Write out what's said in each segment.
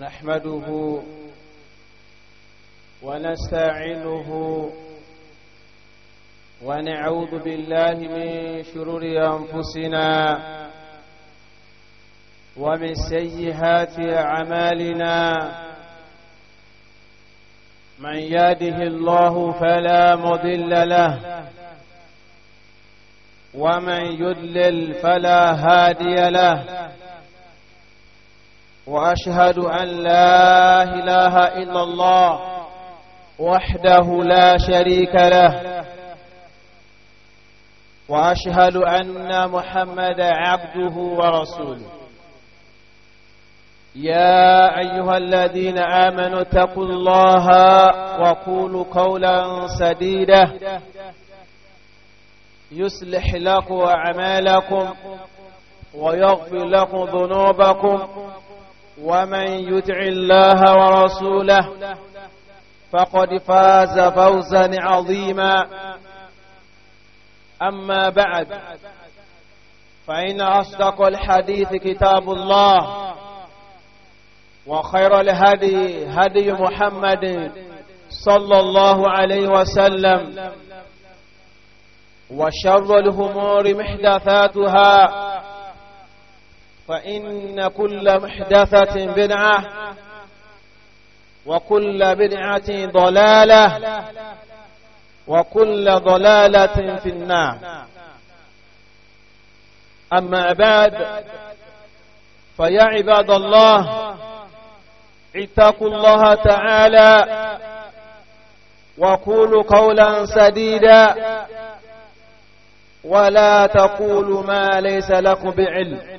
نحمده ونستعينه ونعوذ بالله من شرور أنفسنا ومن سيئات أعمالنا من يهده الله فلا مضل له ومن يدلل فلا هادي له وأشهد أن لا إله إلا الله وحده لا شريك له وأشهد أن محمد عبده ورسوله يا أيها الذين آمنوا اتقوا الله وقولوا قولا سديدا يصلح لكم أعمالكم ويغفر لكم ذنوبكم ومن يطع الله ورسوله فقد فاز فوزا عظيما أما بعد فإن أصدق الحديث كتاب الله وخير الهدي هدي محمد صلى الله عليه وسلم وشر الهمور محدثاتها فإن كل محدثة بدعة وكل بدعة ضلالة وكل ضلالة في النار أما عباد فيا عباد الله اتقوا الله تعالى وقولوا قولا سديدا ولا تقولوا ما ليس لكم بعلم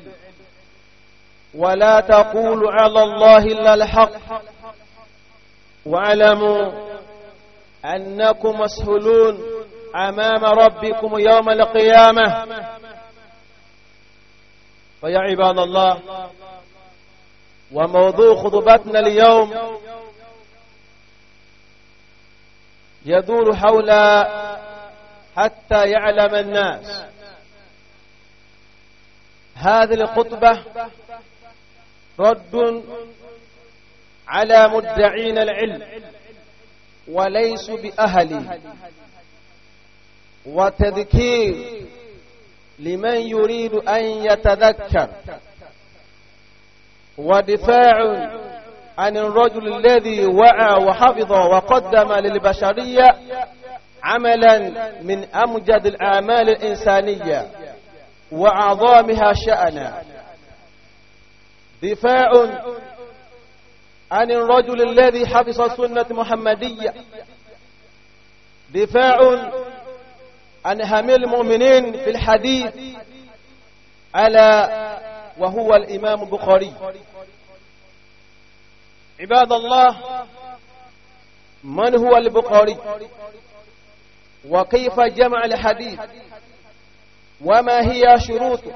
ولا تقول على الله إلا الحق واعلموا أنكم مسهولون أمام ربكم يوم القيامة فيا عباد الله وموضوع خطبتنا اليوم يدور حول حتى يعلم الناس هذه الخطبة رد على مدعين العلم وليسوا بأهله وتذكير لمن يريد أن يتذكر ودفاع عن الرجل الذي وعى وحفظ وقدم للبشرية عملا من أمجد الأعمال الإنسانية وأعظمها شأنا دفاع عن الرجل الذي حفظ سنة محمدية دفاع عن هم المؤمنين في الحديث ألا وهو الإمام البخاري عباد الله من هو البخاري وكيف جمع الحديث وما هي شروطه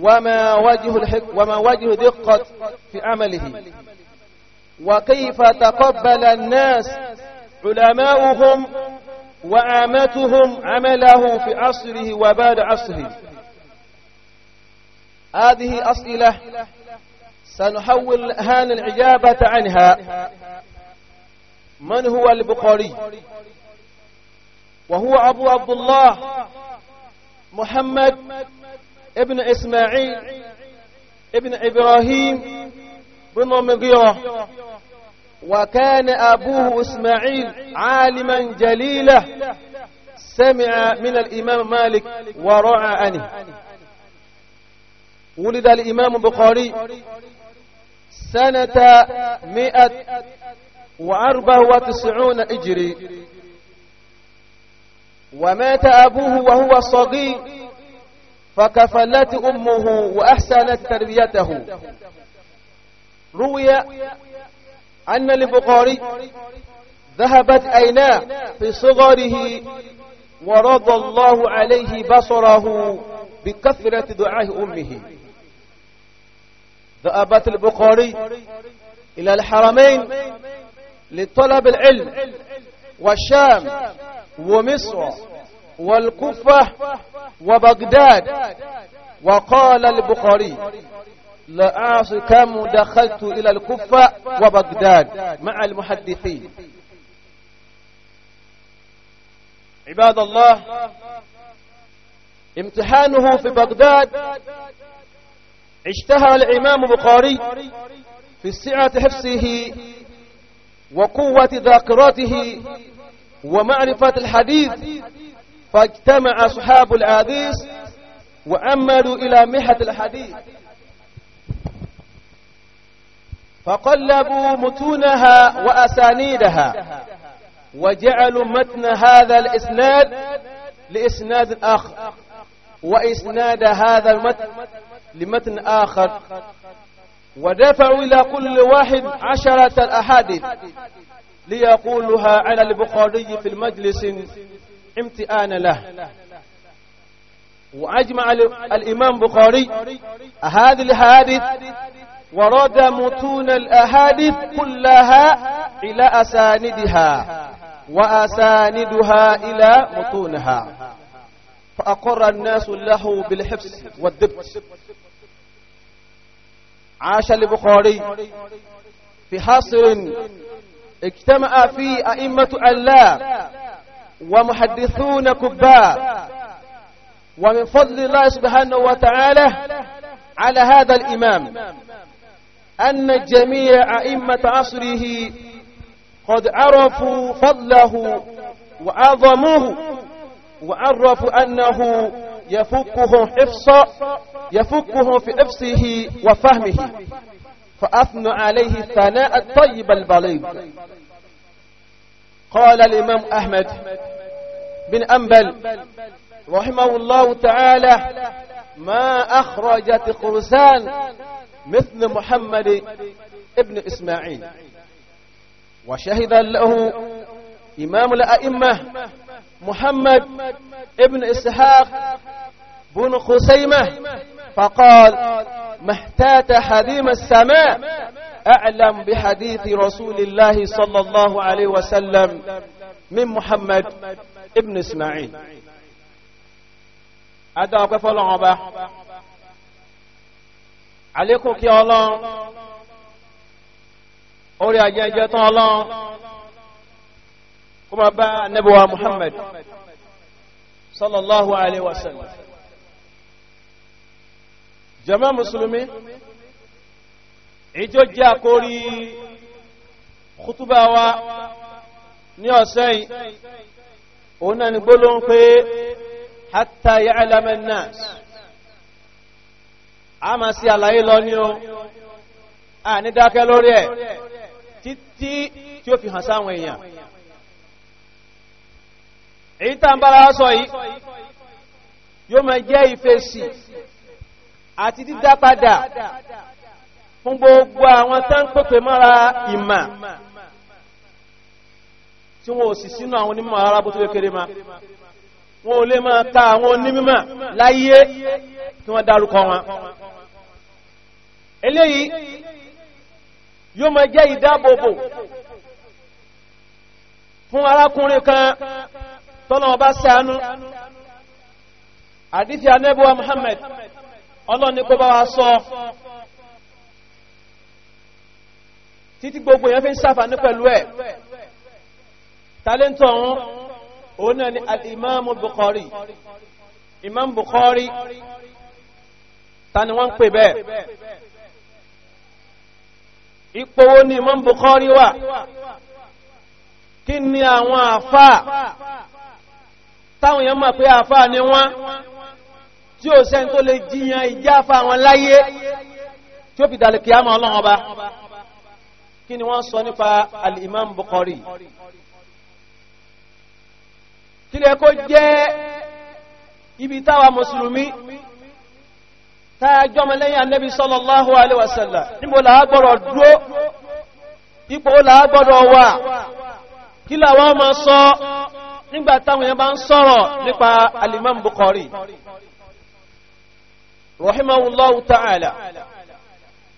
وما وجه الحك وما وجه دقة في عمله وكيف تقبل الناس علماؤهم وعامتهم عمله في عصره وبعد عصره هذه أسئلة سنحول هان العجابة عنها من هو البخاري وهو أبو عبد الله محمد ابن إسماعيل ابن إبراهيم بن مغيرة وكان أبوه إسماعيل عالما جليلا سمع من الإمام مالك ورعى عنه ولد الإمام البخاري سنة مئة وأربع وتسعون إجري ومات أبوه وهو صغير فكفلت أمه وأحسنت تربيته روي أن البقاري ذهبت أيناء في صغره ورضى الله عليه بصره بكثرة دعاء أمه ذهبت البخاري إلى الحرمين لطلب العلم والشام ومصر والكفة وبغداد وقال البخاري لا أعصي كم دخلت إلى الكفة وبغداد مع المحدثين عباد الله امتحانه في بغداد اشتهر الإمام بخاري في سعة حفظه وقوة ذاكرته ومعرفة الحديث فاجتمع أصحاب الحديث وأملوا إلى محة الحديث فقلبوا متونها وأسانيدها وجعلوا متن هذا الإسناد لإسناد آخر وإسناد هذا المتن لمتن آخر ودفعوا إلى كل واحد عشرة الأحاديث ليقولها على البخاري في المجلس امتئان له وأجمع الإمام بخاري هذه الحادث ورد متون الأحاديث كلها إلى أساندها وأساندها إلى متونها فأقر الناس له بالحفظ والدبت عاش البخاري في حصر اجتمع فيه أئمة الله ومحدثون كباء ومن فضل الله سبحانه وتعالى على هذا الإمام أن جميع أئمة عصره قد عرفوا فضله وعظموه وعرفوا أنه يفكهم حفظا يفكهم في حفصه وفهمه فأثنوا عليه الثناء الطيب البليغ قال الإمام أحمد بن أنبل رحمه الله تعالى ما أخرجت قرسان مثل محمد ابن إسماعيل وشهد له إمام الأئمة محمد ابن إسحاق بن خسيمة فقال ما احتات حديم السماء أعلم بحديث رسول الله صلى الله عليه وسلم من محمد ابن إسماعيل أدعوك فالعبا عليكم يا الله أولي أجيجة الله كما باء نبوة محمد صلى الله عليه وسلم جماعة مسلمين èyí tí ó jẹ́ àkórí kútúbà wa ní ọ̀sẹ̀ yìí òun náà ni gbólóhùn pé hatta ya'lama an-nas a máa sí àlàyé lọ ní o a ní dákẹ́ lórí ẹ̀ títí tí ó fi hàn sáwọn èèyàn èyí tá ń bára sọ yìí yóò máa jẹ́ ìfèsì àti dídápadà fún gbogbo àwọn tán pèpè mọ́ra ìmà tí wọ́n sì sínú àwọn onímọ̀ ara bó tó ma wọ́n ò lè máa ta àwọn onímọ̀ láyé kí wọ́n dárúkọ wọn eléyìí yóò máa jẹ́ ìdábòbò fún arákùnrin kan tọ́nà ọba ṣàánú àdífì Muhammad ọlọ́ni títí gbogbo èèyàn fi ń ṣàǹfààní pẹ̀lú ẹ̀ tálẹ́ntọ̀ ọ̀hún òun náà ni al-imam bukhari imam bukhari ta ni wọ́n ń pè bẹ́ẹ̀ ìpòwò ni imam bukhari wà kí ni àwọn àfáà táwọn èèyàn mọ̀ pé àfáà ni wọ́n tí ó sẹ́ni tó lè jiyàn ìjáfà wọn láyé tí ó fi dàlẹ̀ kìí àmọ́ ọlọ́run ọba kí ni wọ́n sọ nípa al-imam Bukhari kílẹ̀ kó jẹ́ ibi táwa mùsùlùmí táyàjọ́ mẹ́lẹ́yìn annabi sallallahu alaihi wasallam níbo làágbọ́rọ̀ dúró ipò làágbọ́rọ̀ wà kí làwọn máa sọ nígbà táwọn yẹn bá ń sọ̀rọ̀ nípa al-imam Bukhari rahimahullahu ta'ala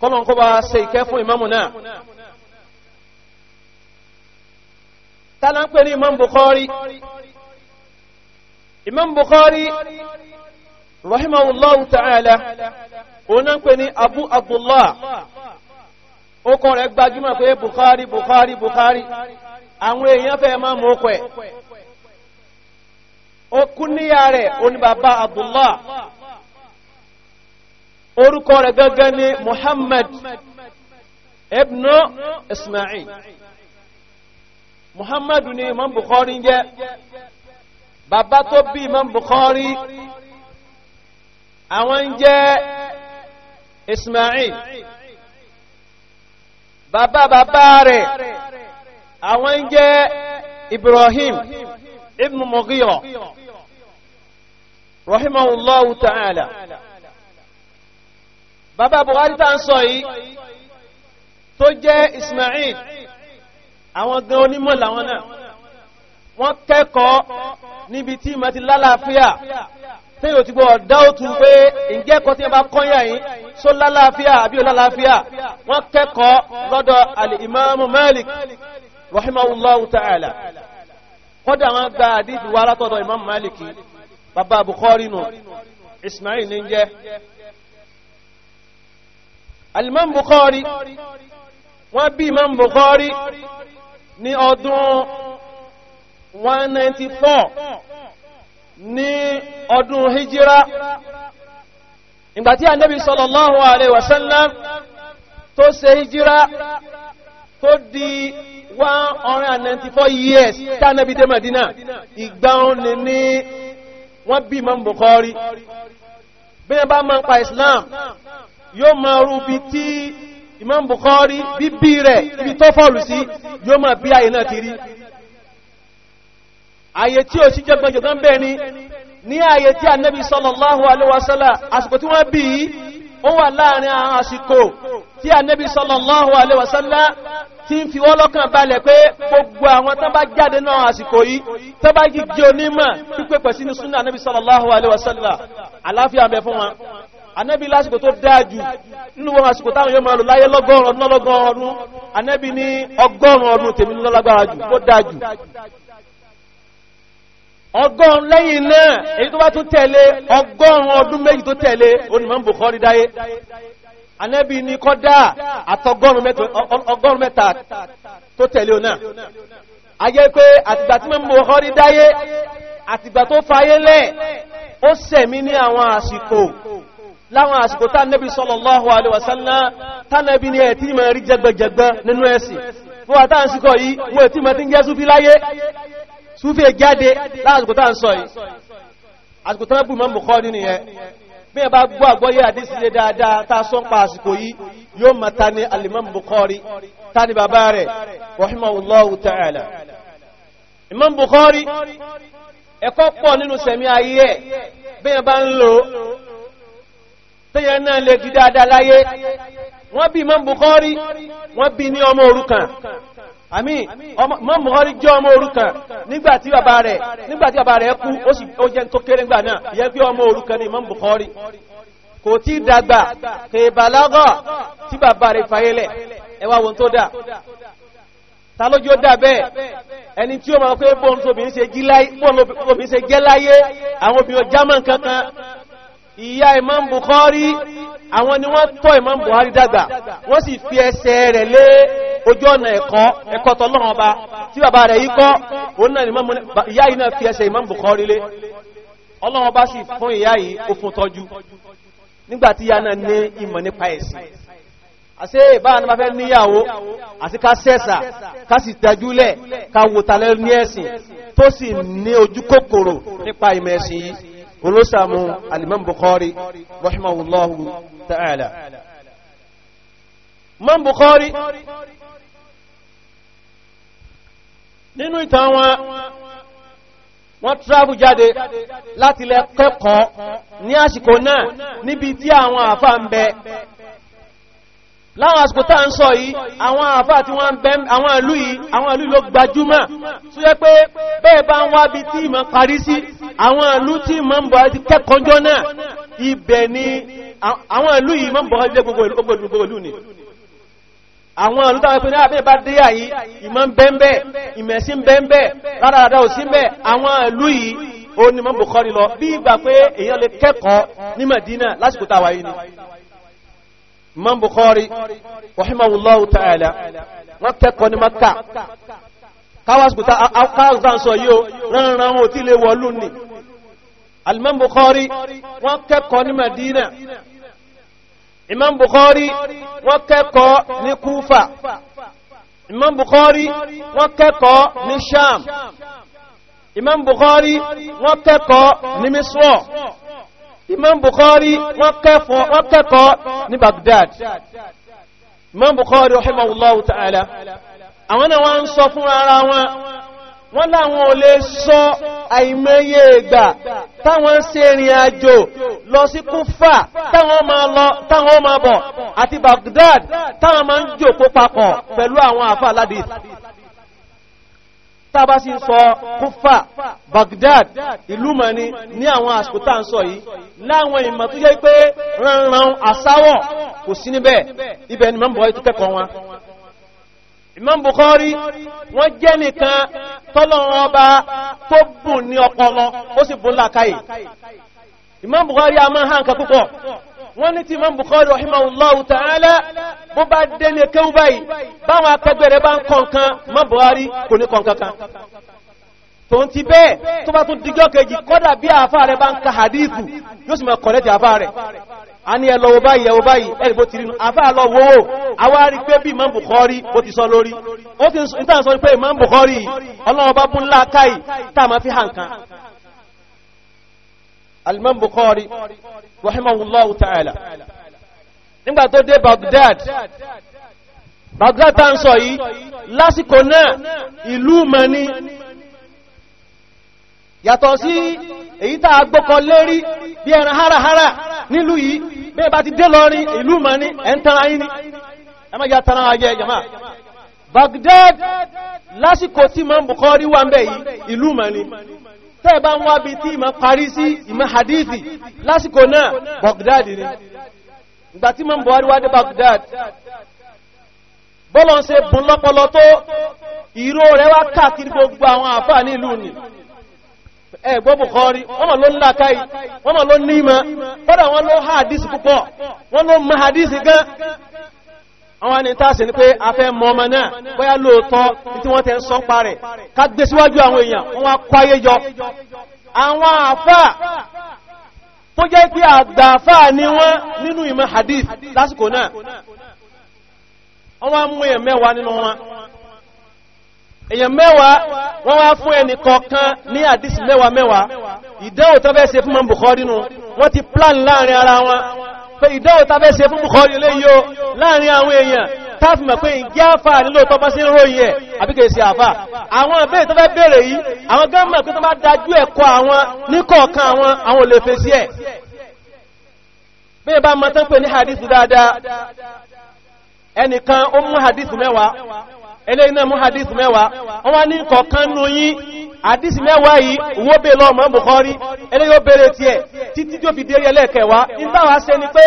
kọ́lọ̀n kó bá ṣe ìkẹ́ fún ìmámù náà tàbí ń pè ní Imam Bukhari Imam Bukhari rahimahullahu ta'ala òun náà ń pè ní Abu Abdullah ó kọ́ rẹ̀ gbajúmọ̀ pé Bukhari Bukhari Bukhari àwọn èèyàn fẹ́ máa mú ọkọ̀ ẹ̀ ó kú níyà rẹ̀ oníbàbá Abdullah orúkọ rẹ̀ gẹ́gẹ́ ní Muhammad ibn Ismail muhammadu ni imam bukhari ń jẹ́ bàbá tó bí imam bukhari àwọn ń jẹ́ ismail bàbá bàbá rẹ̀ àwọn ń jẹ́ ibrahim ibn mughira rahimahullahu ta'ala bàbá bukhari tá ń sọ yìí tó jẹ́ ismail àwọn gan onímọ̀ làwọn náà wọ́n kẹ́kọ̀ọ́ níbi tí ma ti lálàáfíà tí yóò ti gbọ́ dáótù pé ìjẹ́kọ́ tí a bá kọ́yà yìí só lálàáfíà àbí olálàáfíà wọ́n kẹ́kọ̀ọ́ lọ́dọ̀ alìmọ́mù Malik rahimahullahu ta'ala kọ́dà wọn gba ní ọdún 194 ní ọdún hijira ìgbàtí ànábì sallallahu alaihi wasallam tó ṣe hijira tó di 194 years tánàbí dé Madina ìgbà òní ní wọ́n bí Imam Bukhari bí wọ́n bá máa ń pa Islam yóò máa rú bí tí Imam Bukhari bíbí rẹ̀ ibi tó fọ́ọ̀lù sí yóò máa bí ayé náà ti rí ayé tí ó sí jẹ́gbẹ́jọ̀gán bẹ́ẹ̀ ni ní ayé tí Ànábì sallallahu alaihi wasallam àsìkò tí wọ́n bí ó wà láàrin àwọn àsìkò tí Ànábì sallallahu alaihi wasallam tí ń fi wọ́n lọ́kàn balẹ̀ pé gbogbo àwọn tán bá jáde náà àsìkò yìí tán bá gígé onímọ̀ pípẹ́ pẹ̀ sínú súnà Ànábì sallallahu alaihi wasallam àláfíà bẹ fún wọn anábì lásìkò tó dáájú nínú wọn àsìkò táwọn yóò máa lò láyé lọ́gọ́rùn ọdún lọ́gọ́rùn ọdún anábì ní ọgọ́rùn ọdún tèmi lọ́lágbára jù tó dáájú ọgọ́rùn lẹ́yìn náà èyí tó bá tún tẹ̀lé ọgọ́rùn ọdún méjì tó tẹ̀lé onímọ̀ Bukhari dáyé anábì ní kọ́dá àtọgọ́rùn mẹ́ta tó tẹ̀lé ọ náà ayé pé àtìgbà tí mọ́ Bukhari dáyé àtìgbà tó fayé lẹ̀ ó sẹ̀mí ní àwọn àsìkò láwọn àsìkò tá nẹ́bí sallallahu alaihi wasallam tánàbí ní ẹ̀tí mọ̀ rí jẹgbẹjẹgbẹ nínú ẹ̀sìn fún wa táà ń síkọ̀ yìí wọ́n tí mọ̀ tí ń jẹ́ súfí láyé súfí jáde láàsìkò táà ń sọ yìí àsìkò tán bù mọ́ Bukhari nìyẹn bí ẹ bá gbọ́ àgbọ́yé àdísílẹ̀ dáadáa tá a sọ́n pa àsìkò yìí yóò mọ̀ ta ni Al-Imam Bukhari ta ń lò tẹ́yẹ náà lè fi dáadáa láyé wọ́n bí Imam Bukhari wọ́n bí ní ọmọ òrukàn àmì Imam Bukhari jẹ́ ọmọ òrukàn nígbàtí bàbá rẹ̀ nígbàtí bàbá rẹ̀ kú ó sì ó jẹ́ tó kéré ńgbà náà yẹ pé ọmọ òrukàn ní Imam Bukhari kò tí dàgbà kèbàlágọ́ tí bàbá rẹ̀ fàyẹlẹ̀ ẹwà wọn tó dà ta lójú ó dà bẹ́ẹ̀ ẹni tí ó máa pé bóun tóbi ń ṣe jẹ́ láyé àwọn obìnrin german kankan ìyá Imam Bukhari àwọn ni wọ́n tọ́ Imam Bukhari dàgbà wọ́n sì fi ẹsẹ̀ rẹ̀ lé ojú ọ̀nà ẹ̀kọ́ ẹ̀kọ́ tọ́lọ́run ọba tí bàbá rẹ̀ yí kọ́ òun náà ìyá yìí náà fi ẹsẹ̀ Imam Bukhari lé ọlọ́run ọba sì fún ìyá yìí ó fún tọ́jú nígbà tí ìyá náà ní ìmọ̀ nípa ẹ̀sìn àṣẹ ìbára nípa fẹ́ níyàwó àti ká sẹ́sà ká sì tẹ́júlẹ̀ ká wòtalẹ́ ní ẹ̀sìn tó sì ní ojú kòkòrò nípa ìmọ̀ ẹ̀sìn yìí olóṣàmù alimam Bukhari rahimahullahu ta'ala Imam Bukhari nínú ìtàn wọn wọ́n travel jáde láti lẹ kẹ́kọ̀ọ́ ní àsìkò náà níbi tí àwọn àfáà ń bẹ láwọn àsìkò tá ń sọ yìí àwọn àfá àti àwọn ìlú yìí àwọn ìlú ló gbajúmọ̀ tó yẹ pé bẹ́ẹ̀ bá ń wá bí tí ìmọ̀ parí sí àwọn ìlú tí ìmọ̀ ń bọ̀ ti kẹ́kọ̀ọ́jọ́ náà ibẹ̀ ni àwọn ìlú yìí mọ̀ ń bọ̀ jẹ́ gbogbo ìlú ni àwọn ìlú Madina lásìkò táwa yìí ni imam bukhari rahimahullahu ta'ala wọ́n kẹ́kọ̀ọ́ ní maka káwàsùkúta akáwàsùkúta yóò ránran wọn ò tí lè wọlú ni alimam bukhari wọ́n kẹ́kọ̀ọ́ ní madina imam bukhari wọ́n kẹ́kọ̀ọ́ ní kufa imam bukhari wọ́n kẹ́kọ̀ọ́ ní sham imam bukhari wọ́n kẹ́kọ̀ọ́ ní misra Imam Bukhari wọ́n kẹ́kọ̀ọ́ ní Baghdad Imam Bukhari rahimahullahu ta'ala àwọn náà wọ́n ń sọ fún ara wọn wọ́n láwọn ò lè sọ àìmọye ìgbà táwọn ṣe ìrìn àjò lọ sí Kúfà táwọn máa lọ táwọn máa bọ̀ àti Baghdad táwọn máa ń jòkó papọ̀ pẹ̀lú àwọn àfà ládìí tàbá sí sọ kúfà Baghdad ìlú mọ̀ni ní àwọn àsìkòtà ń sọ yìí láwọn ìmọ̀ tó jẹ́ pé ránran àsáwọ̀ kò sí níbẹ̀ ibẹ̀ ni mọ́bọ̀ ètò kẹ́kọ̀ọ́ wọn Imam Bukhari wọ́n jẹ́ nìkan tọ́lọ́run wọ́n ní ti Imam Bukhari rahimahullahu ta'ala bó bá délé kéwú báyìí báwọn akẹgbẹ̀rẹ̀ bá ń kọ̀ọ̀kan mọ́ Buhari kò ní kọ̀ọ̀kan kan tó ń ti bẹ́ẹ̀ tó bá tún díjọ́ kejì kọ́dà bí àfá rẹ̀ bá ń ka hadithu yóò sì mọ̀ kọ̀lẹ́tì àfá rẹ̀ a ní ẹlọ́wọ́ báyìí ẹwọ́ báyìí ẹ̀rì bó ti rí àfá lọ́wọ́ awárí pé bí Imam Bukhari bó ti sọ lórí ó ti ń sọ pé Imam Bukhari ọlọ́wọ́ bá bú ńlá káì tá a máa fi hàn kan Al-Imam Bukhari rahimahullahu ta'ala nígbà tó dé Baghdad Baghdad tá ń sọ yìí lásìkò náà ìlú mani yàtọ̀ sí èyí tá a gbọ́kọ lérí bí ẹran hárahára nílùú yìí bẹ́ẹ̀ bá ti dé lọrin ìlú mani ẹ̀ntara yìí ni ẹmọ́ ya tara ayẹ jama Baghdad lásìkò tí Imam Bukhari wà ń bẹ̀ yìí ìlú mani tẹ́ bá ń wábi tí ìmọ̀ parí sí ìmọ̀ hadithi lásìkò náà Baghdad ni ìgbà tí mọ́ Buhari wá dé bọ́lọ̀ ń ṣe bùn lọ́pọlọ tó ìró rẹ̀ wá káàkiri àwọn àfáà ní ìlú ni ẹ gbọ́ Bukhari wọ́n ló ń lákàí wọ́n ló ní ìmọ̀ kọ́dà wọ́n ló hadith púpọ̀ wọ́n ló gan àwọn ni tàà sí ní pé a fẹ́ mọ ọmọ náà bóyá lóòtọ́ tí wọ́n tẹ́ ń sọ́pá rẹ̀ ká gbé síwájú àwọn èèyàn wọ́n kwáyé yọ àwọn àfáà tó jẹ́ pé àgbà àfáà ni wọ́n nínú ìmọ̀ hadith lásìkò náà wọ́n mú èèyàn mẹ́wàá nínú wọn èèyàn mẹ́wàá wọ́n wá fún ẹni kọ̀ọ̀kan ní hadith mẹ́wàá mẹ́wàá ìdẹ́wò tó fẹ́ ṣe fún mọ́ Bukhari nù wọ́n ti plan láàrin ara wọn pé ìdáwò ta fẹ́ ṣe fún Bukhari eléyìí o láàrin àwọn èèyàn táàfì mọ̀ pé ìjẹ́ àfà nílò tó bá sí ròyìn ẹ̀ àbíkẹ̀ sí àfà àwọn ẹ̀bẹ́ tó fẹ́ bèèrè yìí àwọn gọ́ọ̀mọ̀ pé tó bá dájú ẹ̀kọ́ àwọn níkọ̀ọ̀kan àwọn àwọn olè fèsì ẹ̀ bẹ́ẹ̀ bá mọ́ tán pé ní hadith dáadáa ẹnìkan ó mú hadith mẹ́wàá eléyìí náà mú hadith mẹ́wàá wọ́n wá ní àdísì mẹ́wàá yìí owó bè lọ mọ́ Bukhari ẹni yóò bèèrè tí ẹ̀ títí tí ó fi dérí ẹlẹ́ẹ̀kẹwàá ìtawà ṣe ni pé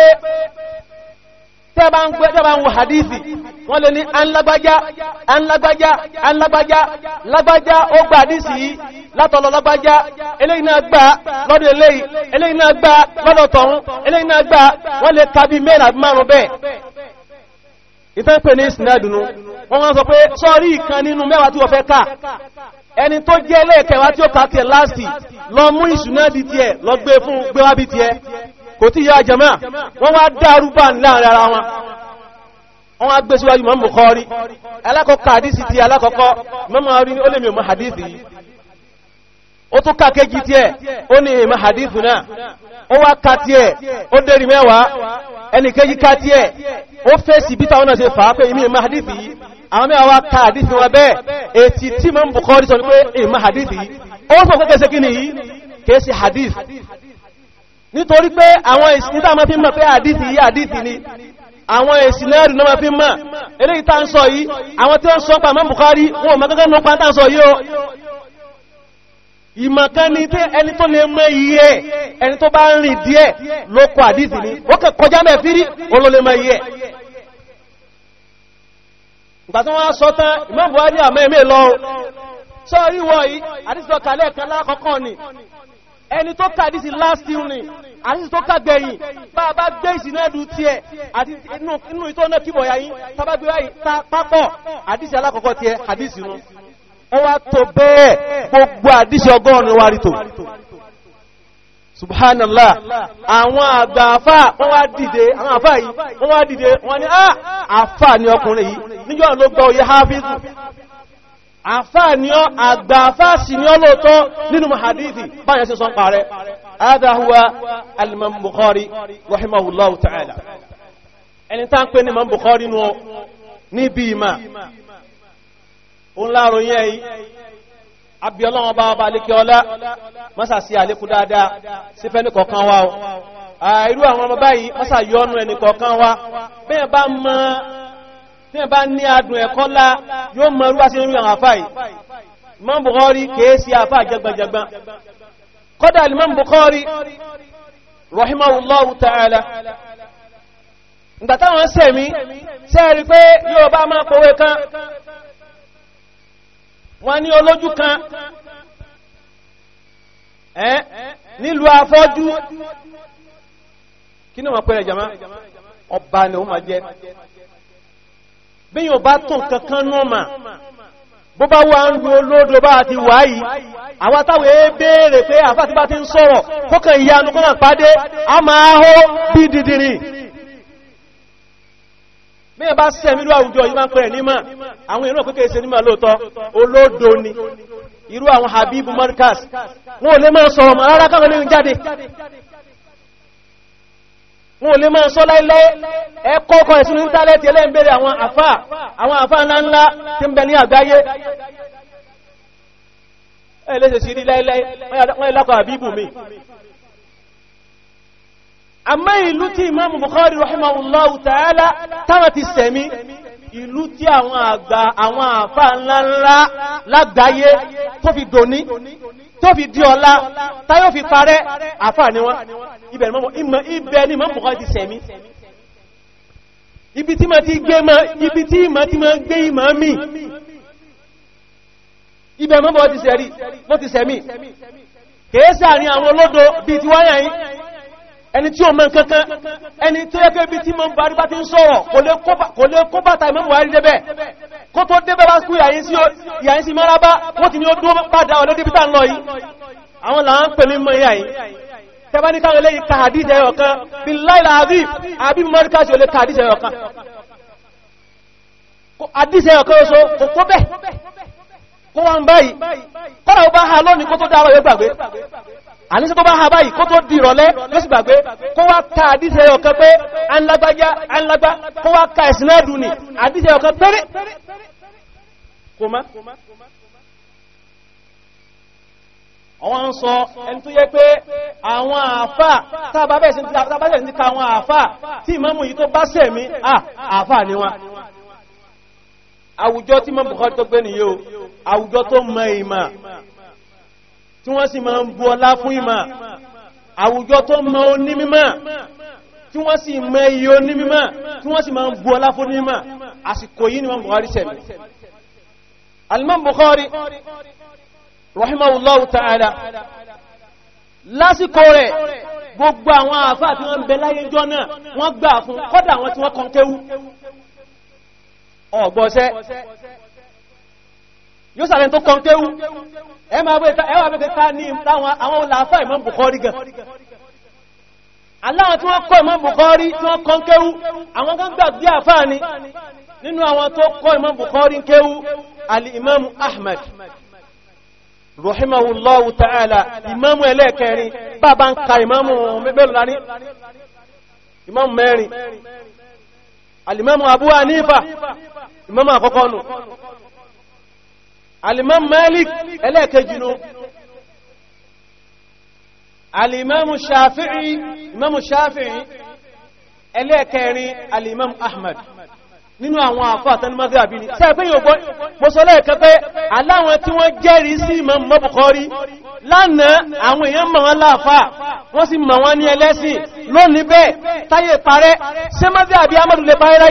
tẹ́bà ń gbé tẹ́bà ń wo hadithi wọ́n lè ní anlágbájá anlágbájá anlágbájá lágbájá ó gba wọ́n wọ́n sọ pé sọ́rí ìkan nínú mẹ́wàá tí wọ́n ẹni tó jẹ́ ti tí ó kàkí ẹ̀ lọ mú ìṣúná di ti lọ gbé e fún gbéwá bí ti ẹ kò tí yá jẹ́mà wọ́n wá dárúbà láàrin ara wọn wọ́n wá gbé síwájú mọ́ Bukhari alákọ̀ọ́kọ́ àdísì ti alákọ̀ọ́kọ́ mọ́mọ́ rí ó lè mi mọ́ àdísì ó ó ní ìmọ̀ àdísì ó wá kàtí ẹ̀ ó dérí mẹ́wàá ẹnìkejì kàtí ẹ̀ ó fèsì bí táwọn náà ṣe fàá pé ìmí mahadithi yìí àwọn mẹ́wàá wá ka àdífi wọn bẹ́ẹ̀ ètì tí mọ́ ń bukọ́ rí sọ pé ìmí mahadithi yìí ó sọ àwọn èsì ni àwọn èsì lẹ́rù náà máa fi mọ̀ eléyìí tá ń sọ yìí àwọn tí ó ń sọ pa bukari wọn mọ́ gẹ́gẹ́ nípa tá sọ yìí o ìmọ̀ká ní tí ẹni tó lè mọ́ iye ẹni tó bá ń rìn díẹ̀ ló kọ àdísì ní ó kẹ kọjá mẹ́ fírí olólè mọ́ iye ìgbà tí wọ́n sọ tán Imam Buhari àmọ́ ẹ̀mẹ́ lọ sọ ríwọ̀ yìí àdísì ọkàlẹ̀ kan lákọ̀ọ́kọ́ ni ẹni tó kà àdísì last year ni àdísì tó kà gbẹ̀yìn bá bá gbé ìsìnẹ́dù tiẹ̀ àti inú ìtọ́nà kíbọ̀ yà yín tábàgbé wáyìí pápọ̀ àdísì alákọ̀ọ́kọ́ tiẹ̀ àdísì nù ó wá tó bẹ́ẹ̀ gbogbo àdíṣẹ́ ọgọ́rùn-ún wá rí tó subhanallah àwọn àgbà àfà wọ́n wá dìde àwọn àfà yìí wọ́n wá dìde wọ́n ní ah, àfà ní ọkùnrin yìí níjọ́ ló gbọ́ oyé hafizu àfà ní ọ àgbà àfà sí ní ọlọ́tọ́ nínú hadithi báyẹ̀ sí sọ́n parẹ́ adáhuwa al-Imam Bukhari rahimahullahu ta'ala ẹni tá ń pè ní Imam Bukhari nù níbi ìmá òun láàrùn yẹ́ yìí àbí ọlọ́run bá bá lékẹ́ ọlá mọ́sà sí dáadáa sí fẹ́ o irú àwọn ọmọ báyìí mọ́sà yọ ọ́nù ẹnìkọ̀ọ̀kan wa bẹ́ẹ̀ bá ní adùn ẹ̀kọ́ lá yóò mọ irú àti irú àwọn pé yóò bá máa kan wọ́n ní olójú kan ẹ́ nílùú afọ́jú kí ní wọ́n jama ọba ni ó ma jẹ́ tún kankan náà bó bá wá ń lo olóòdó bá ti wà yìí àwọn táwẹ̀ pé àfáàtí bá ti ń sọ̀rọ̀ kókàn ìyanu kọ́nà pàdé a bẹ́ẹ̀ bá sẹ́mìlú àwùjọ yìí máa ń pẹ̀rẹ̀ nímọ̀ àwọn ìran pẹ́kẹ́ ìṣẹ́ nímọ̀ lóòtọ́ olóòdó ni irú àwọn Habibu Markaz wọn ò lè máa sọ̀rọ̀ mọ̀ rárá káwọn olóyìn jáde wọn ò lè máa sọ láìláì ẹ̀sùn àwọn àwọn ńláńlá tí ń bẹ ní àgbáyé sí rí wọ́n mi àmá ìlú tí imamu bukhari rahimahullahu ta'ala tánà ti sẹ̀mí ìlú tí àwọn àgbà àwọn àfà ńláńlá lágbàáyé tó fi dòní tó fi di ọlá táyọ́ fi parẹ́ àfà ní wọn ibẹ̀ ni imamu bukhari ti sẹ̀mí ibi tí ma ti gbé ma ibi tí ma ti ma gbé ìmọ̀ ibẹ̀ mọ́bọ̀ ti sẹ̀rí kèé sáà àwọn olódo bí ti wáyà yìí ẹni tí o mẹ́ kankan ẹni tó yẹ́kẹ́ bí tí mọ́ ń bari bá ti ń sọ̀rọ̀ kò lè kó bàtà ìmọ̀ buhari débẹ̀ kó tó débẹ̀ bá kú yàyín sí maraba bá wọ́n ti ní ó dúró padà ọ̀lẹ́ débi tá ń lọ yìí àwọn là ń pè ní mọ́ yàyín tẹ́bá ní káwọn eléyìí ka àdíjẹ ọ̀kan bí láìla àbí àbí mọ́ríkà sí olè ka ọ̀kan àdíjẹ ọ̀kan oṣù kò kó bẹ́ẹ̀ kó wá báyìí kọ́ra àníṣẹ́ tó bá ha báyìí kó tó di ìrọ̀lẹ́ ló sì gbàgbé kó wá ká àdíṣẹ́ ọ̀kan pé anlágbájá anlágbá kó wá ká ẹ̀sìn náà dùn ní àdíṣẹ́ ọ̀kan pẹ́rẹ́ kò má àwọn ń sọ ẹni tó yẹ pé àwọn àfà tàbábẹ̀ẹ̀sì ti ka àwọn àfà tí ìmámù yìí tó bá sẹ̀mí àfà ni wọn àwùjọ tí mọ́ bùkọ́ tó gbé nìyó àwùjọ tó mọ ìmọ̀ tí wọ́n sì máa ń bu ọlá fún ìmọ̀ àwùjọ tó mọ̀ oní mímọ̀ tí wọ́n sì mọ̀ iye oní mímọ̀ tí wọ́n sì máa ń bu ọlá fún mímọ̀ àsìkò yìí ni wọ́n Bukhari sẹ̀mí Al-Imam rahimahullahu ta'ala lásìkò rẹ̀ gbogbo àwọn àfáà tí wọ́n ń bẹ láyé jọ náà wọ́n gbà fún kọ́dà àwọn tí wọ́n kọ́ńkéwú ọ̀gbọ́sẹ́ yóò sàrẹ tó kàn kéwú ẹ máa bẹ́ ẹwà bẹ́ ká ní táwọn àwọn làáfà Imam Bukhari gan aláwọn tí wọ́n kọ́ Imam Bukhari tí wọ́n kàn kéwú àwọn kan gbà bí àfà ni nínú àwọn tó kọ́ Imam Bukhari kéwú al-Imam Ahmad rahimahullahu ta'ala imamu ẹlẹ́ẹ̀kẹrin bàbá ń ka imamu mẹ́lò Abu Hanifa imamu àkọ́kọ́ nù alimam malik ẹlẹ́ẹ̀kẹjìnú alimamu shafi'i imamu shafi'i ẹlẹ́ẹ̀kẹrin alimamu ahmad nínú àwọn àfáà tán mọ́sí àbí ní sẹ́ẹ̀fẹ́ yóò gbọ́ mọ́sọ́lẹ̀ ẹ̀kẹ́fẹ́ aláwọn tí wọ́n jẹ́rìí sí imam mọ́bùkọ́rí lánàá àwọn èèyàn mọ̀ wọn láàfáà wọ́n sì mọ̀ wọn ní ẹlẹ́sìn lónìí bẹ́ẹ̀ táyé parẹ́ sẹ́mọ́sí àbí amadu lè parẹ́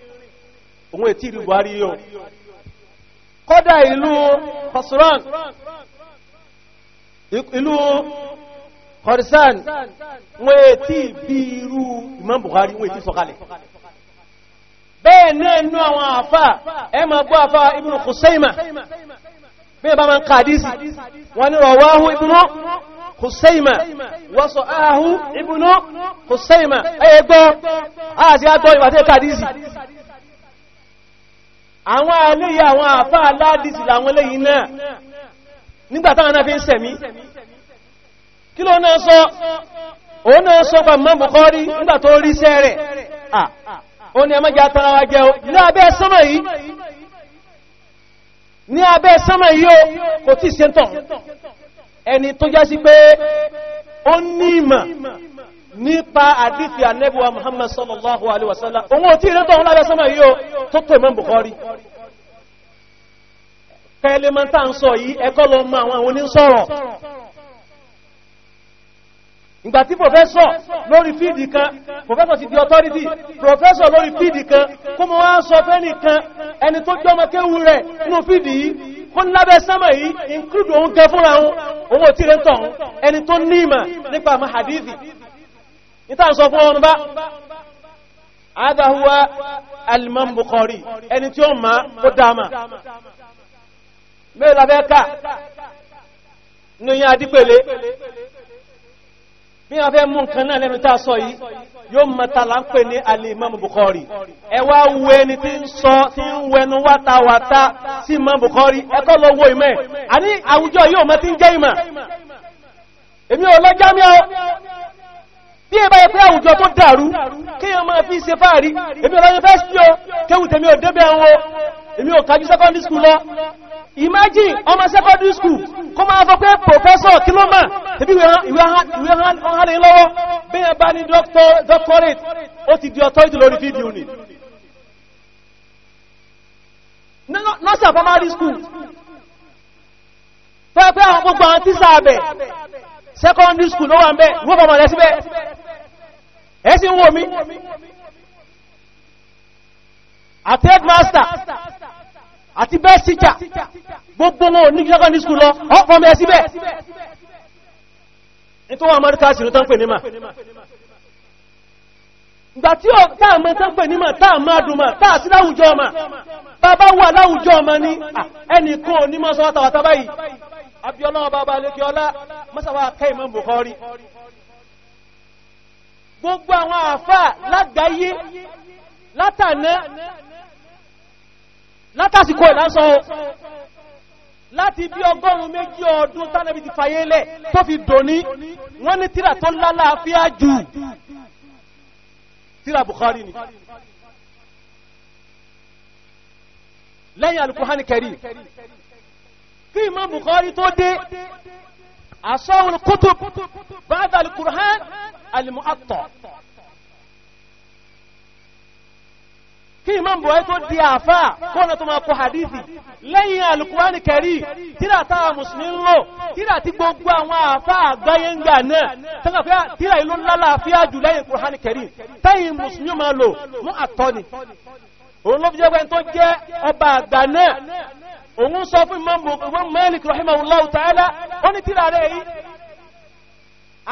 òun ètí ìlú buhari yóò kọ́dà ìlú kọsùrán ìlú kọrìsán wọ́n ètí bí irú Imam buhari wọ́n ètí sọ̀kalẹ̀ bẹ́ẹ̀ náà inú àwọn àfà ẹ ma gbọ́ àfà Ibn Khuzaima bẹ́ẹ̀ bá ma ń kàdísì wọ́n ni rọ̀wáhú Ibn Khuzaima wọ́sọ̀ áhú Ibn Khuzaima ẹgbọ́ àti agbọ́ ìwàtẹ́ kàdísì àwọn aléyà àwọn àfá aládìsì làwọn lẹ́yìn náà nígbàtá náà fi ń sẹ̀mí kí ló náà sọ òun náà sọ pa mọ́ Bukhari nígbà tó rí sẹ́ rẹ̀ ní atarawa jẹ́ o ní abẹ́ yìí o kò tí ṣe ẹni tó já sí pé ó ní Muhammad sallallahu alaihi wasallam òun ò tí ìrẹ́tọ̀ lábẹ́ o tó tó Imam Bukhari pẹ̀lẹ́ máa tá ń sọ yìí ẹ̀kọ́ lọ mọ àwọn àwọn onísọ̀rọ̀ ìgbà tí pòfẹ́sọ̀ lórí fíìdì kan pòfẹ́sọ̀ ti di authority pòfẹ́sọ̀ lórí fíìdì kan kó mọ́ wá sọ fẹ́nì kan ẹni tó jọ ọmọ kéwú rẹ̀ nínú fíìdì yìí kó lábẹ́ sámà yìí include òun gẹ fúnra òun òun ò tí rẹ̀ ń tọ̀hún ẹni tó ní ìmọ̀ nípa àmà ìtàn sọ fún ọmọ adahuwa alimam bukari ẹni tí ó ma kó dama mẹ́rin labẹ́ ká ní yín adigbele bí wọn fẹ́ mú nǹkan náà lẹ́nu tá a sọ yìí yóò mọ ta la ń pè ní alimam ẹ wá wo ẹni tí ń sọ tí ń wẹnu wata wata sí imam bukari ẹ kọ́ lọ wo ìmọ̀ ẹ̀ àní àwùjọ yìí ma ti ń jẹ́ emi èmi ò lọ jámíọ́. bí ẹ bá yẹ pé àwùjọ tó dàrú kéèyàn máa fi ṣe fáàrí èmi ọ̀rọ̀ yunifásitì o kéwù tèmi ò débẹ̀ wọn èmi ò kájú secondary school lọ imagine ọmọ secondary school kó máa fọ́ pé professor kí ló mà tẹ́bí ìwé ọ̀hánlẹ̀ lọ́wọ́ bí ẹ bá ní doctorate ó ti di authority lórí fídíò ni nọ́sà primary school pẹ́pẹ́ àwọn gbogbo àwọn tíṣà abẹ̀ secondary school ló wà ń bẹ́ wọ́n bọ̀ mọ̀ lẹ́síbẹ̀ ẹ̀sì ń wò mí àti headmaster àti best teacher gbogbo wọn ní secondary school lọ ọ̀pọ̀ mẹ́ síbẹ̀ nítorí amẹ́ríkà sí ló tán pè níma ìgbà tí ó táàmà tán pè níma táàmà dùnmà táà sí láwùjọ ọmọ bàbá wà láwùjọ ọmọ ní ẹnìkan ọba mọ́sàwà kẹ́ gbogbo àwọn àfà lágbàáyé látàná látàsìkò ìlásọ láti bí ọgọ́rùn méjì ọdún tánàbí ti fayélẹ̀ tó fi dòní wọ́n ní tíra tó lálàáfíà jù tíra Bukhari ni lẹ́yìn Al-Qur'ani Karim kí Imam Bukhari tó dé أصاب الكتب بعد القرآن المؤطى kí imam buhari tó di àfá kọ́nà tó máa kọ hadithi lẹ́yìn alukùránì kẹrí tíra táwà musulmi ń lò tíra tí gbogbo àwọn àfá àgbáyé ń gbà náà tánàfíà tíra ìlú lálàáfíà jù lẹ́yìn kùránì kẹrí tẹ́yìn musulmi máa lò mú àtọ́ni òun sọ fún Imam Malik rahimahullahu ta'ala wọ́n ní tíra rẹ̀ yìí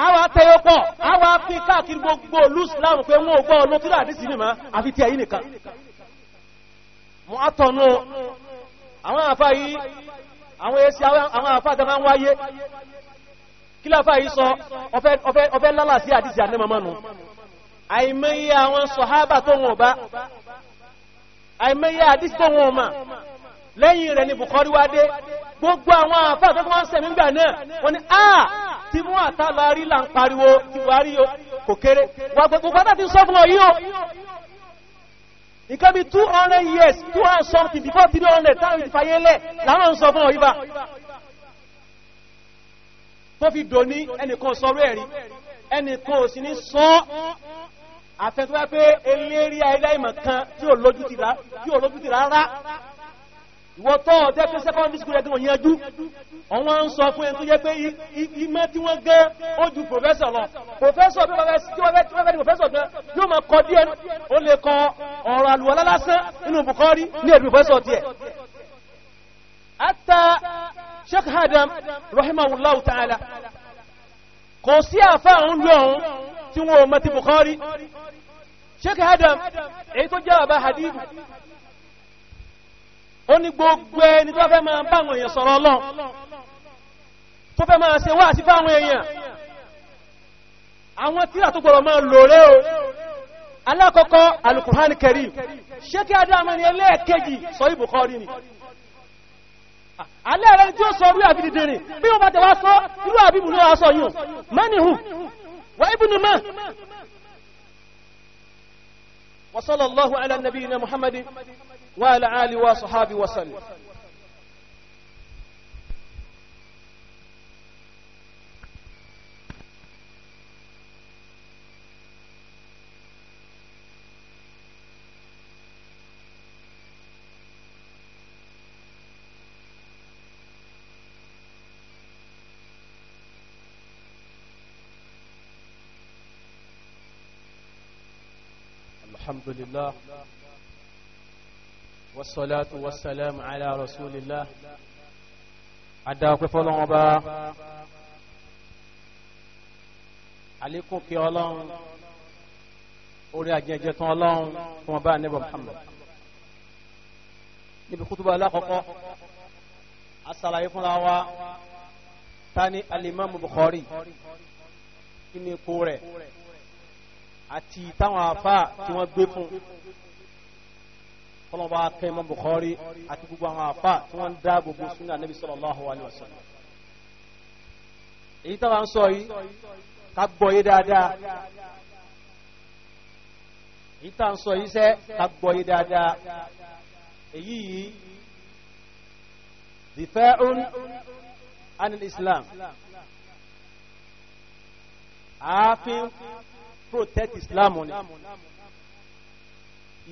àwọn atẹyọpọ̀ àwọn afi káàkiri gbogbo olú Islam pé wọ́n gbọ́ ọlọ́ tíra àdísì nìmá àfi tí ẹ̀yí nìkan mọ́ àtọ̀nù àwọn àfá yìí àwọn èsì àwọn àfá àtẹ́fà ń wáyé kí láfá yìí sọ ọfẹ́ lálà sí àdísì ànẹ́mọ́mọ́nu àìmẹ́yẹ àwọn sọ̀hábà tó wọn ọba àìmẹ́yẹ tó wọn ọmọ lẹ́yìn rẹ̀ ni Bukhari wá dé gbogbo àwọn àfáà tó wọ́n ń sẹ̀mí gbà náà wọ́n ni àà tí mú àtàlà rí là ń pariwo ti wà rí kò kéré wà gbogbo pátá ti sọ fún ọ yíò nǹkan bí 200 years 200 something before 300 táwọn ìfàyé lẹ̀ láwọn ń sọ fún ọ yíbà tó fi dò ní ẹnìkan sọ̀rọ̀ ẹ̀rí ẹnìkan ò sì ní sọ àfẹ́tọ́wẹ́ pé eléri aláìmọ̀ kan tí ò lójú ti rárá ìwọ tọ́ ọ̀tẹ́ pé secondary school ẹgbẹ̀rún yanjú ọ̀wọ́n ń sọ fún ẹni tó yẹ pé ìmọ̀ tí wọ́n gẹ́ ó ju professor lọ professor bí wọ́n fẹ́ di professor gan yóò máa kọ díẹ̀ ó lè kọ ọ̀rọ̀ àlùwọ́lá lásán nínú Bukhari ní èdè professor tiẹ̀ ata Sheikh Adam rahimahullahu ta'ala kò sí àfá òun lọ́hun tí wọ́n mọ̀ ti Bukhari Sheikh Adam èyí tó jẹ́ bàbá hadith ó ní gbogbo ẹni tó fẹ́ máa báwọn èèyàn sọ̀rọ̀ ọlọ́run tó fẹ́ máa ṣe wáàsí fáwọn èèyàn àwọn tíra tó gbọ́rọ̀ máa lòrẹ́ o alákọ̀ọ́kọ́ alukurhani karim ṣé kí adáma ni ẹlẹ́ẹ̀kejì sọ ìbùkọ́rí ni alẹ́rẹ́ tí ó sọ orí àbídìdìrì bí wọ́n bá tẹ̀wá sọ irú àbíbù náà sọ yìí mẹ́nihù wà ibùnú mẹ́ وصلى الله على نبينا محمد وعلى آله وصحابه وسلم الحمد لله والصلاة والسلام على رسول الله أدعوك فلان أبا عليكم كي الله orí àjẹjẹtàn ọlọ́run fún ọba àníbọ̀ Muhammad níbi kútùbà alákọ̀ọ́kọ́ asàlàyé fúnra wa ta ni alimamu Bukhari kí ni ipò àti táwọn afá tí wọ́n gbé fún kọlọ́wọ́ bá kẹ́ Imam Bukhari àti gbogbo àwọn àfà tí wọ́n ń dá gbogbo súnà Nabi sallallahu alaihi wasallam èyí táwa ń sọ yìí ká gbọ́ yé dáadáa èyí táwa sọ yìí sẹ́ ká gbọ́ yé dáadáa èyí yìí difa'un anil Islam àáfin protect Islam ni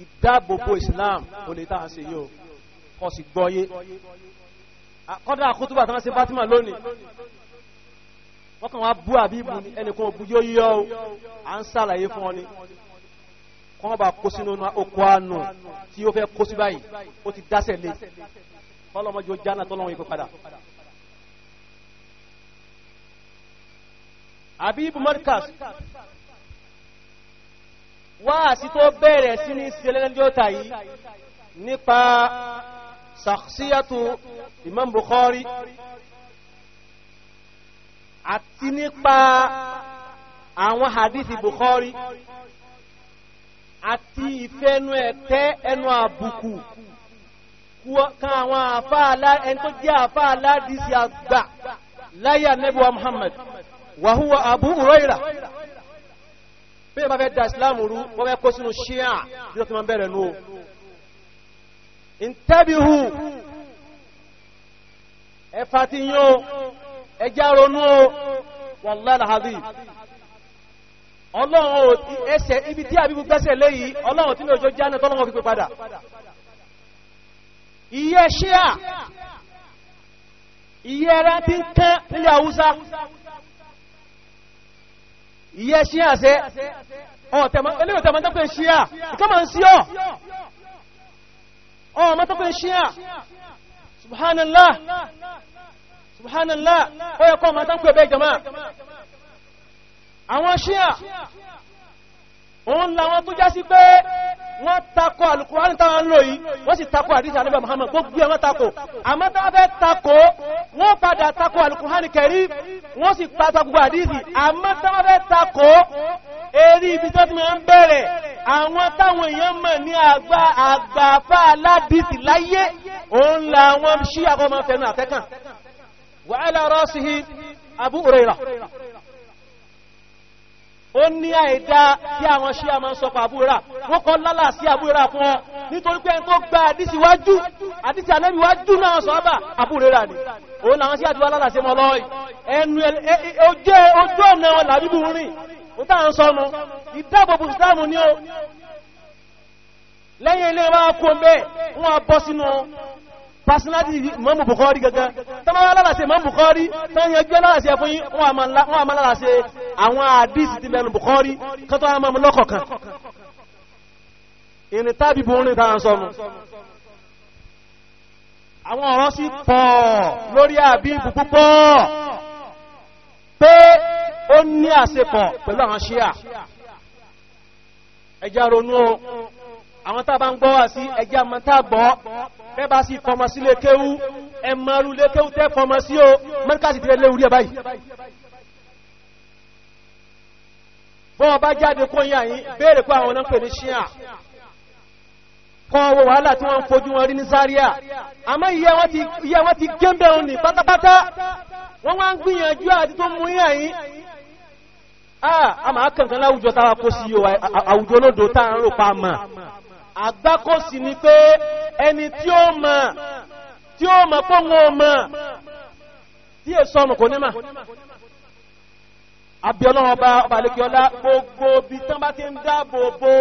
ìdáàbòbò islam ò lè tàà sí yóò kọ́ sí gbọ́yé kọ́dá àkútúbà tán sí fatima lónìí wọ́n kàn wá bú àbíbù ní ẹnìkan òbú yóò yọ́ o à ń sàlàyé fún ọ ni kọ́ bá kó sínú okò ànù tí ó fẹ́ kó sí báyìí ó ti dásẹ̀ lé kọ́lọ́mọjú jánà tọ́lọ́wọ́ ìpè padà àbíbù markaz wáàsí tó bẹ̀rẹ̀ sí ní ṣẹlẹ́lẹ́jọ́ta yìí nípa ṣàkṣíyàtò Imam Bukhari àti nípa àwọn hadithi Bukhari àti ìfẹ́nu ẹ̀tẹ́ ẹnu àbùkù kan àwọn àfáàlá ẹni tó jẹ́ àfáàlá dìsí àgbà láyé Ànábì Muhammad wa huwa Abu bí ẹ bá fẹ́ da islam rú wọ́n fẹ́ kó sínú ṣíà tí wọ́n ti máa bẹ̀rẹ̀ nù intabihu ẹ̀fà ti yín o ẹjá ronú o wallahi alazim ọlọ́run ẹsẹ̀ ibi tí àbíbù gbẹ́sẹ̀ léyìí ọlọ́run tí ní òjò jáná tọ́lọ́run fi pè padà iye ṣíà iye ẹran ti ń kẹ́ nílẹ̀ haúsá ìyẹ́ ṣíà ṣe ẹlẹ́wẹ̀ tẹ́mọ̀ tó pé ṣíà ìkọ́mọ̀ sí ọ́ ọmọ tó pé ṣíà subhanallah subhanallah ó yẹ kọ́ ọmọ tó pé bẹ́ẹ̀ jama àwọn ṣíà òun làwọn tó já sí pé wọ́n takọ alùkùránì táwọn ń lò yìí wọ́n sì takọ àdíjà níbà Muhammad gbogbo ẹ̀wọ́n takọ àmọ́ táwọn fẹ́ takọ wọ́n padà takọ alùkùránì kẹrí wọ́n sì pàtàkì gbogbo àdíjì àmọ́ táwọn fẹ́ takọ eré ibi tó ti máa ń bẹ̀rẹ̀ àwọn táwọn èèyàn mọ̀ ní àgbà àgbàfà aládìsì láyé òun la wọn ṣí àkọ́mọ fẹnu àtẹ́kàn wàhálà rọ́ọ̀sì Abu Hurairah ó ní àìdá tí àwọn ṣíà máa ń sọpọ̀ àbúrà wọ́n kọ́ lálà sí àbúrà fún ọ nítorí pé ẹni tó gba àdísì wájú àdísì ànẹ́bí wájú náà sọ́ọ́bà àbúrà ni òun làwọn sí àdúrà lálà sí mọ́lọ́ ẹnu ojú ọ̀nà wọn làbíbù rìn ó tà ń sọnu ìdáàbòbò ìsìláàmù ni ó lẹ́yìn ilé wa kó mẹ́ wọn bọ́ sínú personality Imam Bukhari gangan la la se Imam Bukhari tó ń yẹjú lálàṣẹ fún yí wọ́n a máa lálàṣẹ àwọn àdísì ti mẹ́nu Bukhari kan tó a máa mú lọ́kọ̀ọ̀kan ìrìn tàbí borin ta ń sọnù àwọn ọ̀rọ̀ po. pọ̀ lórí àbíbù Pe pé ó ní àṣepọ̀ pẹ̀lú àwọn ṣíà àwọn tá a bá ń gbọ́ wá sí ẹjẹ́ àmọ́ tá a gbọ́ bẹ́ẹ̀ bá sì fọmọ sílé kéwú ẹ mọ́rú lé kéwú tẹ́ fọmọ sí o mọ́ríkàsì ti léwu rí ẹ báyìí. bọ́ọ̀ bá jáde kó yà yín béèrè pé àwọn náà ní ṣíà kọ́ owó wàhálà tí wọ́n ń fojú wọn rí ní Zaria àmọ́ ìyẹ́ wọn ti gẹ́ńbẹ̀ òun ní pátápátá wọ́n wá ń gbìyànjú àti tó mú yà yín ah, a máa kànkan láwùjọ táwa kó sí àwùjọ lódò tá à ń rò pa mọ́ àgbákòsí ni pé ẹni tí ó mọ̀ tí ó mọ̀ pọ́ wọn mọ̀ tí è sọ́nù kò ní mà abiola ọba ọbalẹ́kíọ́lá gbogbo bí tán bá ti ń dáàbò bo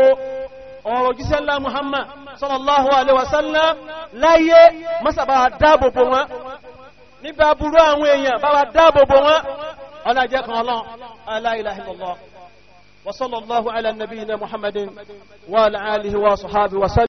ọ̀rọ̀ jíṣẹ́ ńlá Muhammad sallallahu alaihi wasallam láyé masaba dáàbò bo wọn níbi aburú àwọn èèyàn bá wa dáàbò bo wọn ọlá kan ọlọ́run aláìláhìlọ́lọ́ وصلى الله على نبينا محمد وعلى آله وصحبه وسلم